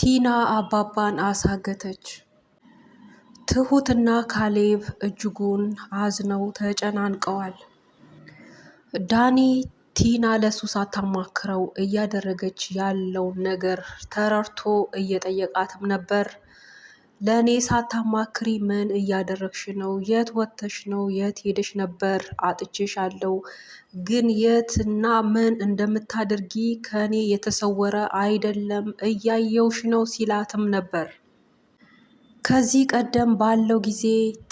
ቲና አባባን አሳገተች። ትሁትና ካሌብ እጅጉን አዝነው ተጨናንቀዋል። ዳኒ ቲና ለሱ ሳታማክረው እያደረገች ያለውን ነገር ተረድቶ እየጠየቃትም ነበር። ለእኔ ሳታማክሪ ምን እያደረግሽ ነው? የት ወጥተሽ ነው? የት ሄደሽ ነበር? አጥቼሽ አለው። ግን የትና ምን እንደምታደርጊ ከእኔ የተሰወረ አይደለም፣ እያየውሽ ነው ሲላትም ነበር። ከዚህ ቀደም ባለው ጊዜ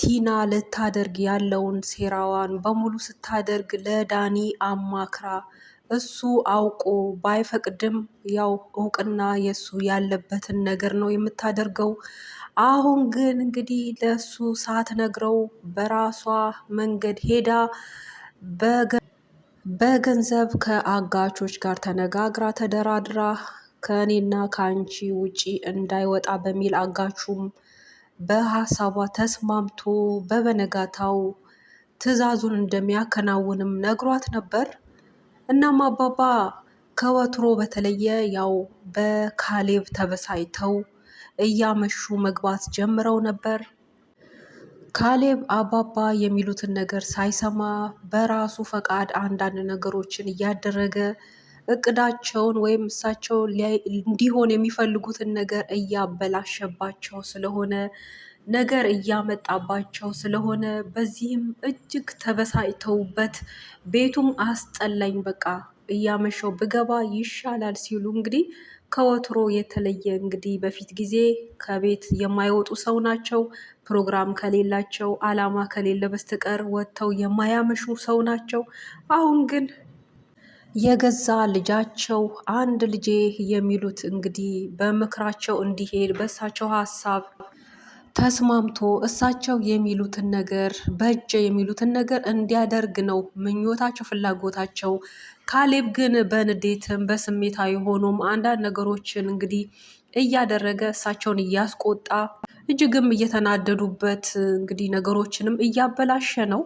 ቲና ልታደርግ ያለውን ሴራዋን በሙሉ ስታደርግ ለዳኒ አማክራ እሱ አውቆ ባይፈቅድም ያው እውቅና የእሱ ያለበትን ነገር ነው የምታደርገው። አሁን ግን እንግዲህ ለእሱ ሳትነግረው በራሷ መንገድ ሄዳ በገንዘብ ከአጋቾች ጋር ተነጋግራ ተደራድራ ከእኔና ከአንቺ ውጪ እንዳይወጣ በሚል አጋቹም በሀሳቧ ተስማምቶ በበነጋታው ትዕዛዙን እንደሚያከናውንም ነግሯት ነበር። እናም አባባ ከወትሮ በተለየ ያው በካሌብ ተበሳይተው እያመሹ መግባት ጀምረው ነበር። ካሌብ አባባ የሚሉትን ነገር ሳይሰማ በራሱ ፈቃድ አንዳንድ ነገሮችን እያደረገ እቅዳቸውን ወይም እሳቸው እንዲሆን የሚፈልጉትን ነገር እያበላሸባቸው ስለሆነ ነገር እያመጣባቸው ስለሆነ በዚህም እጅግ ተበሳጭተውበት ቤቱም አስጠላኝ በቃ እያመሸው ብገባ ይሻላል ሲሉ እንግዲህ ከወትሮ የተለየ እንግዲህ በፊት ጊዜ ከቤት የማይወጡ ሰው ናቸው። ፕሮግራም ከሌላቸው አላማ ከሌለ በስተቀር ወጥተው የማያመሹ ሰው ናቸው። አሁን ግን የገዛ ልጃቸው አንድ ልጄ የሚሉት እንግዲህ በምክራቸው እንዲሄድ በእሳቸው ሀሳብ ተስማምቶ እሳቸው የሚሉትን ነገር በጀ የሚሉትን ነገር እንዲያደርግ ነው ምኞታቸው፣ ፍላጎታቸው። ካሌብ ግን በንዴትም በስሜታዊ ሆኖም አንዳንድ ነገሮችን እንግዲህ እያደረገ እሳቸውን እያስቆጣ እጅግም እየተናደዱበት እንግዲህ ነገሮችንም እያበላሸ ነው።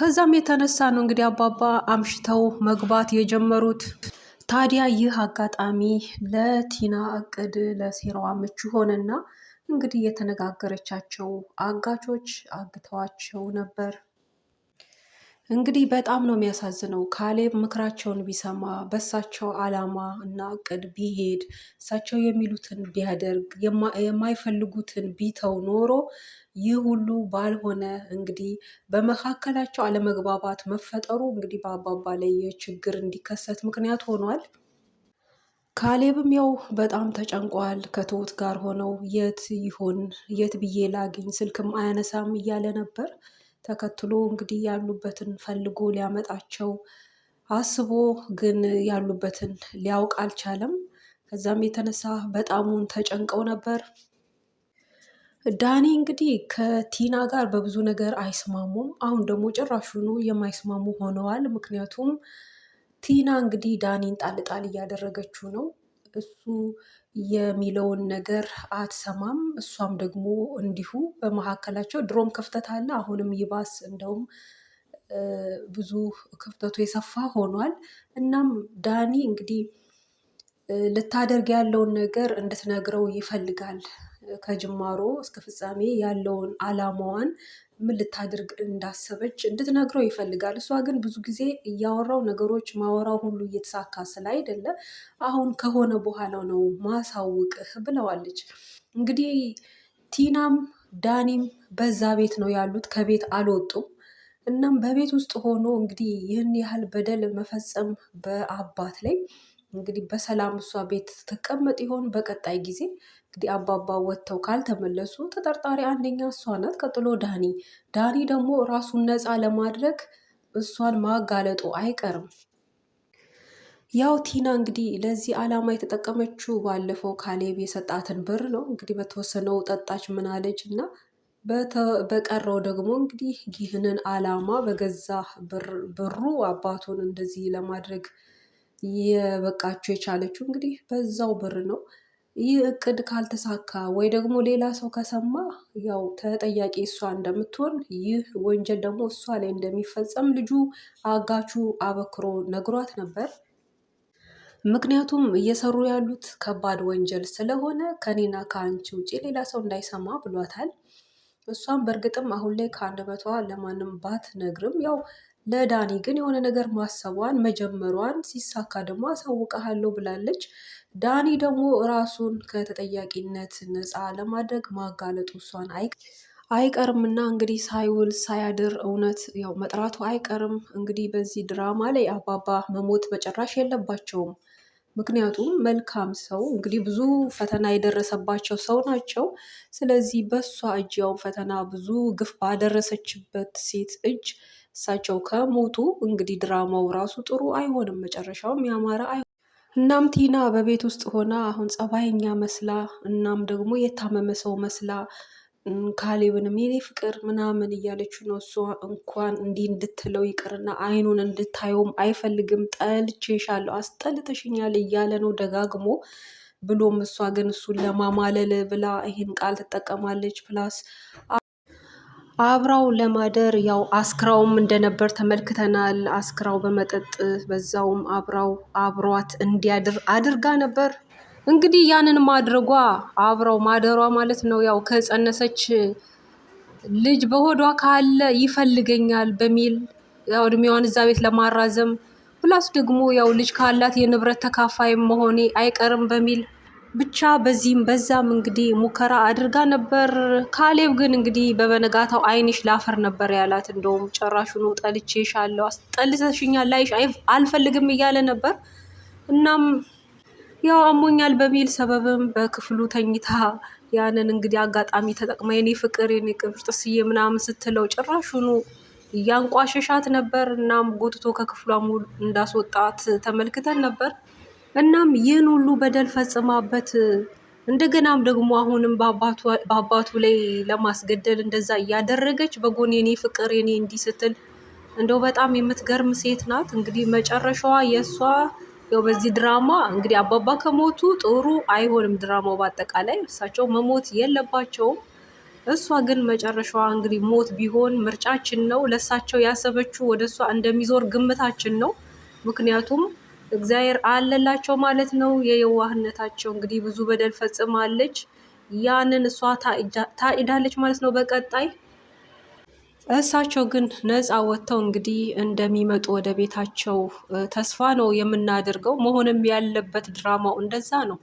ከዛም የተነሳ ነው እንግዲህ አባባ አምሽተው መግባት የጀመሩት። ታዲያ ይህ አጋጣሚ ለቲና እቅድ ለሴራዋ ምቹ ሆነና እንግዲህ የተነጋገረቻቸው አጋቾች አግተዋቸው ነበር። እንግዲህ በጣም ነው የሚያሳዝነው። ካሌብ ምክራቸውን ቢሰማ በእሳቸው አላማ እና እቅድ ቢሄድ እሳቸው የሚሉትን ቢያደርግ የማይፈልጉትን ቢተው ኖሮ ይህ ሁሉ ባልሆነ። እንግዲህ በመካከላቸው አለመግባባት መፈጠሩ እንግዲህ በአባባ ላይ ችግር እንዲከሰት ምክንያት ሆኗል። ካሌብም ያው በጣም ተጨንቋል። ከትሁት ጋር ሆነው የት ይሆን የት ብዬ ላግኝ ስልክም አያነሳም እያለ ነበር። ተከትሎ እንግዲህ ያሉበትን ፈልጎ ሊያመጣቸው አስቦ ግን ያሉበትን ሊያውቅ አልቻለም። ከዛም የተነሳ በጣሙን ተጨንቀው ነበር። ዳኒ እንግዲህ ከቲና ጋር በብዙ ነገር አይስማሙም። አሁን ደግሞ ጭራሹኑ የማይስማሙ ሆነዋል። ምክንያቱም ቲና እንግዲህ ዳኒን ጣልጣል እያደረገችው ነው። እሱ የሚለውን ነገር አትሰማም፣ እሷም ደግሞ እንዲሁ። በመካከላቸው ድሮም ክፍተት አለ፣ አሁንም ይባስ እንደውም ብዙ ክፍተቱ የሰፋ ሆኗል። እናም ዳኒ እንግዲህ ልታደርግ ያለውን ነገር እንድትነግረው ይፈልጋል። ከጅማሮ እስከ ፍጻሜ ያለውን አላማዋን ምን ልታደርግ እንዳሰበች እንድትነግረው ይፈልጋል። እሷ ግን ብዙ ጊዜ እያወራው ነገሮች ማወራው ሁሉ እየተሳካ ስለ አይደለ አሁን ከሆነ በኋላው ነው ማሳውቅህ ብለዋለች። እንግዲህ ቲናም ዳኒም በዛ ቤት ነው ያሉት፣ ከቤት አልወጡም። እናም በቤት ውስጥ ሆኖ እንግዲህ ይህን ያህል በደል መፈጸም በአባት ላይ እንግዲህ በሰላም እሷ ቤት ትቀመጥ ይሆን በቀጣይ ጊዜ እንግዲህ አባባ ወጥተው ካልተመለሱ ተጠርጣሪ አንደኛ እሷ ናት፣ ቀጥሎ ዳኒ። ዳኒ ደግሞ ራሱን ነፃ ለማድረግ እሷን ማጋለጡ አይቀርም። ያው ቲና እንግዲህ ለዚህ ዓላማ የተጠቀመችው ባለፈው ካሌብ የሰጣትን ብር ነው። እንግዲህ በተወሰነው ጠጣች ምናለች እና በቀረው ደግሞ እንግዲህ ይህንን ዓላማ በገዛ ብሩ አባቱን እንደዚህ ለማድረግ የበቃችው የቻለችው እንግዲህ በዛው ብር ነው። ይህ እቅድ ካልተሳካ ወይ ደግሞ ሌላ ሰው ከሰማ ያው ተጠያቂ እሷ እንደምትሆን ይህ ወንጀል ደግሞ እሷ ላይ እንደሚፈጸም ልጁ አጋቹ አበክሮ ነግሯት ነበር። ምክንያቱም እየሰሩ ያሉት ከባድ ወንጀል ስለሆነ ከኔና ከአንቺ ውጪ ሌላ ሰው እንዳይሰማ ብሏታል። እሷም በእርግጥም አሁን ላይ ከአንድ መቷ ለማንም ባትነግርም ያው ለዳኒ ግን የሆነ ነገር ማሰቧን መጀመሯን ሲሳካ ደግሞ አሳውቀሃለሁ ብላለች። ዳኒ ደግሞ ራሱን ከተጠያቂነት ነፃ ለማድረግ ማጋለጡ እሷን አይቀርምና እንግዲህ ሳይውል ሳያድር እውነት ያው መጥራቱ አይቀርም። እንግዲህ በዚህ ድራማ ላይ አባባ መሞት በጭራሽ የለባቸውም። ምክንያቱም መልካም ሰው እንግዲህ ብዙ ፈተና የደረሰባቸው ሰው ናቸው። ስለዚህ በእሷ እጅ ያው ፈተና ብዙ ግፍ ባደረሰችበት ሴት እጅ እሳቸው ከሞቱ እንግዲህ ድራማው ራሱ ጥሩ አይሆንም፣ መጨረሻውም ያማረ አይሆንም። እናም ቲና በቤት ውስጥ ሆና አሁን ጸባይኛ መስላ እናም ደግሞ የታመመ ሰው መስላ ካሌብንም የኔ ፍቅር ምናምን እያለችው ነው። እሷ እንኳን እንዲህ እንድትለው ይቅርና አይኑን እንድታየውም አይፈልግም። ጠልቼሻለሁ፣ አስጠልተሽኛል እያለ ነው ደጋግሞ ብሎም እሷ ግን እሱን ለማማለል ብላ ይህን ቃል ትጠቀማለች ፕላስ አብራው ለማደር ያው አስክራውም እንደነበር ተመልክተናል። አስክራው በመጠጥ በዛውም አብራው አብሯት እንዲያድር አድርጋ ነበር። እንግዲህ ያንን ማድረጓ አብራው ማደሯ ማለት ነው። ያው ከጸነሰች ልጅ በሆዷ ካለ ይፈልገኛል በሚል ያው እድሜዋን እዛ ቤት ለማራዘም ፕላስ ደግሞ ያው ልጅ ካላት የንብረት ተካፋይ መሆኔ አይቀርም በሚል ብቻ በዚህም በዛም እንግዲህ ሙከራ አድርጋ ነበር። ካሌብ ግን እንግዲህ በበነጋታው አይንሽ ላፈር ነበር ያላት። እንደውም ጨራሹኑ ጠልቼሻለሁ፣ አስጠልተሽኛል፣ ላይሽ አልፈልግም እያለ ነበር። እናም ያው አሞኛል በሚል ሰበብም በክፍሉ ተኝታ ያንን እንግዲህ አጋጣሚ ተጠቅማ የኔ ፍቅር የኔ ቅብርጥስዬ ምናምን ስትለው ጭራሹኑ እያንቋሸሻት ነበር። እናም ጎትቶ ከክፍሏ እንዳስወጣት ተመልክተን ነበር። እናም ይህን ሁሉ በደል ፈጽማበት እንደገናም ደግሞ አሁንም በአባቱ ላይ ለማስገደል እንደዛ እያደረገች በጎን የኔ ፍቅር የኔ እንዲህ ስትል እንደው በጣም የምትገርም ሴት ናት። እንግዲህ መጨረሻዋ የእሷ ያው በዚህ ድራማ እንግዲህ አባባ ከሞቱ ጥሩ አይሆንም ድራማው በአጠቃላይ እሳቸው መሞት የለባቸውም። እሷ ግን መጨረሻዋ እንግዲህ ሞት ቢሆን ምርጫችን ነው። ለእሳቸው ያሰበችው ወደ እሷ እንደሚዞር ግምታችን ነው ምክንያቱም እግዚአብሔር አለላቸው ማለት ነው። የየዋህነታቸው እንግዲህ ብዙ በደል ፈጽማለች። ያንን እሷ ታኢዳለች ማለት ነው በቀጣይ እሳቸው ግን ነፃ ወጥተው እንግዲህ እንደሚመጡ ወደ ቤታቸው ተስፋ ነው የምናደርገው። መሆንም ያለበት ድራማው እንደዛ ነው።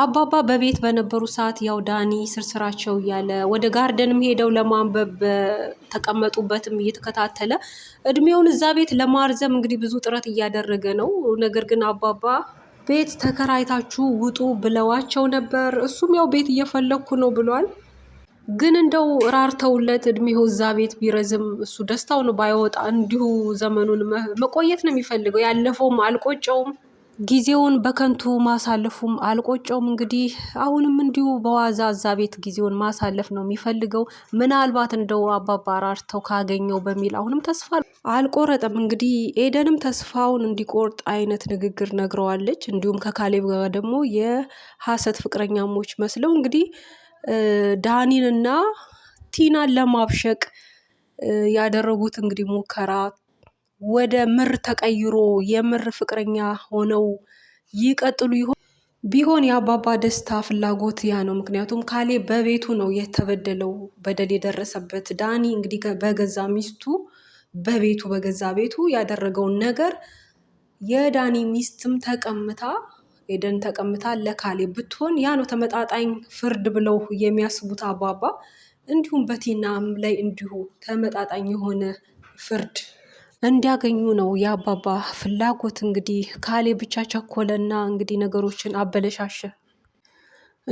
አባባ በቤት በነበሩ ሰዓት ያው ዳኒ ስርስራቸው እያለ ወደ ጋርደንም ሄደው ለማንበብ በተቀመጡበትም እየተከታተለ እድሜውን እዛ ቤት ለማርዘም እንግዲህ ብዙ ጥረት እያደረገ ነው። ነገር ግን አባባ ቤት ተከራይታችሁ ውጡ ብለዋቸው ነበር። እሱም ያው ቤት እየፈለግኩ ነው ብሏል። ግን እንደው ራርተውለት እድሜው እዛ ቤት ቢረዝም እሱ ደስታውን ባይወጣ እንዲሁ ዘመኑን መቆየት ነው የሚፈልገው። ያለፈውም አልቆጨውም። ጊዜውን በከንቱ ማሳለፉም አልቆጨውም። እንግዲህ አሁንም እንዲሁ በዋዛ እዛ ቤት ጊዜውን ማሳለፍ ነው የሚፈልገው። ምናልባት እንደው አባባ አራርተው ካገኘው በሚል አሁንም ተስፋ አልቆረጠም። እንግዲህ ኤደንም ተስፋውን እንዲቆርጥ አይነት ንግግር ነግረዋለች። እንዲሁም ከካሌብ ጋር ደግሞ የሀሰት ፍቅረኛሞች መስለው እንግዲህ ዳኒንና ቲናን ለማብሸቅ ያደረጉት እንግዲህ ሙከራ ወደ ምር ተቀይሮ የምር ፍቅረኛ ሆነው ይቀጥሉ ይሆን? ቢሆን የአባባ ደስታ ፍላጎት ያ ነው። ምክንያቱም ካሌ በቤቱ ነው የተበደለው በደል የደረሰበት። ዳኒ እንግዲህ በገዛ ሚስቱ በቤቱ በገዛ ቤቱ ያደረገውን ነገር የዳኒ ሚስትም ተቀምታ ኤደን ተቀምታ ለካሌ ብትሆን ያ ነው ተመጣጣኝ ፍርድ ብለው የሚያስቡት አባባ። እንዲሁም በቲናም ላይ እንዲሁ ተመጣጣኝ የሆነ ፍርድ እንዲያገኙ ነው የአባባ ፍላጎት። እንግዲህ ካሌ ብቻ ቸኮለና እንግዲህ ነገሮችን አበለሻሸ።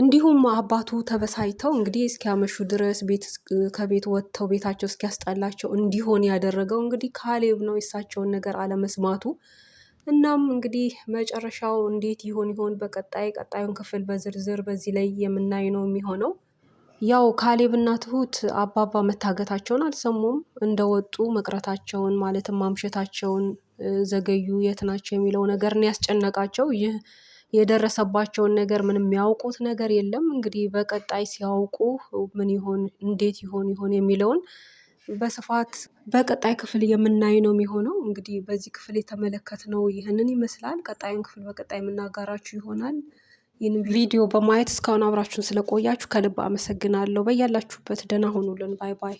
እንዲሁም አባቱ ተበሳጭተው እንግዲህ እስኪያመሹ ድረስ ቤት ከቤት ወጥተው ቤታቸው እስኪያስጠላቸው እንዲሆን ያደረገው እንግዲህ ካሌብ ነው የእሳቸውን ነገር አለመስማቱ። እናም እንግዲህ መጨረሻው እንዴት ይሆን ይሆን? በቀጣይ ቀጣዩን ክፍል በዝርዝር በዚህ ላይ የምናይ ነው የሚሆነው። ያው ካሌብና ትሁት አባባ መታገታቸውን አልሰሙም። እንደወጡ መቅረታቸውን ማለትም ማምሸታቸውን፣ ዘገዩ፣ የት ናቸው የሚለው ነገር ያስጨነቃቸው። ይህ የደረሰባቸውን ነገር ምንም የሚያውቁት ነገር የለም። እንግዲህ በቀጣይ ሲያውቁ ምን ይሆን እንዴት ይሆን ይሆን የሚለውን በስፋት በቀጣይ ክፍል የምናይ ነው የሚሆነው። እንግዲህ በዚህ ክፍል የተመለከትነው ይህንን ይመስላል። ቀጣዩን ክፍል በቀጣይ የምናጋራችሁ ይሆናል። ይህን ቪዲዮ በማየት እስካሁን አብራችሁን ስለቆያችሁ ከልብ አመሰግናለሁ። በያላችሁበት ደህና ሁኑልን። ባይ ባይ።